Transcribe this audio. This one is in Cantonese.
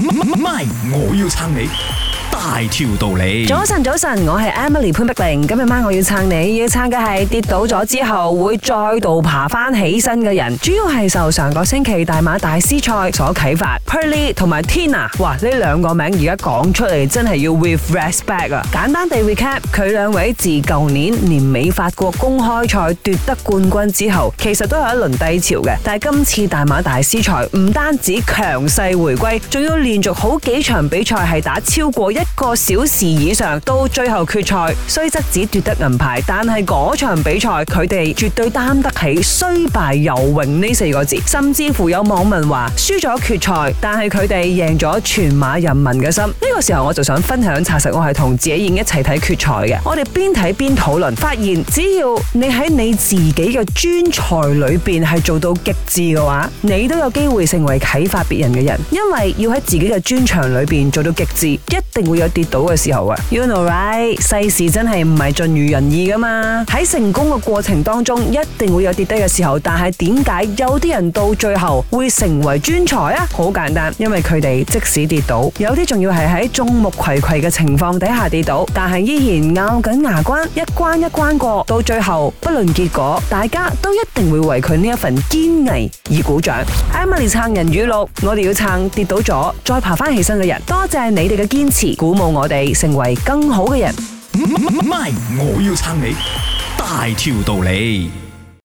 唔，唔，MY，我要撐你。大條道理，早晨早晨，我係 Emily 潘碧玲，今日晚我要撐你，要撐嘅係跌倒咗之後會再度爬翻起身嘅人。主要係受上個星期大馬大師賽所啟發，Pearly 同埋 Tina，哇，呢兩個名而家講出嚟真係要 with respect 啊！簡單地 recap，佢兩位自舊年年尾法國公開賽奪得冠軍之後，其實都有一輪低潮嘅。但係今次大馬大師賽唔單止強勢回歸，仲要連續好幾場比賽係打超過一。個小時以上，到最後決賽，雖則只奪得銀牌，但係嗰場比賽佢哋絕對擔得起“雖敗猶榮”呢四個字，甚至乎有網民話輸咗決賽，但係佢哋贏咗全馬人民嘅心。時候我就想分享，查實我係同自己影一齊睇決賽嘅。我哋邊睇邊討論，發現只要你喺你自己嘅專才裏邊係做到極致嘅話，你都有機會成為啟發別人嘅人。因為要喺自己嘅專長裏邊做到極致，一定會有跌倒嘅時候啊。You know, right？世事真係唔係盡如人意㗎嘛。喺成功嘅過程當中，一定會有跌低嘅時候。但係點解有啲人到最後會成為專才啊？好簡單，因為佢哋即使跌倒，有啲仲要係喺。眾目睽睽嘅情況底下跌倒，但係依然咬緊牙關，一關一關過，到最後不論結果，大家都一定會為佢呢一份堅毅而鼓掌。Emily 撐人語錄，我哋要撐跌倒咗再爬翻起身嘅人，多謝你哋嘅堅持，鼓舞我哋成為更好嘅人。唔係，我要撐你，大條道理。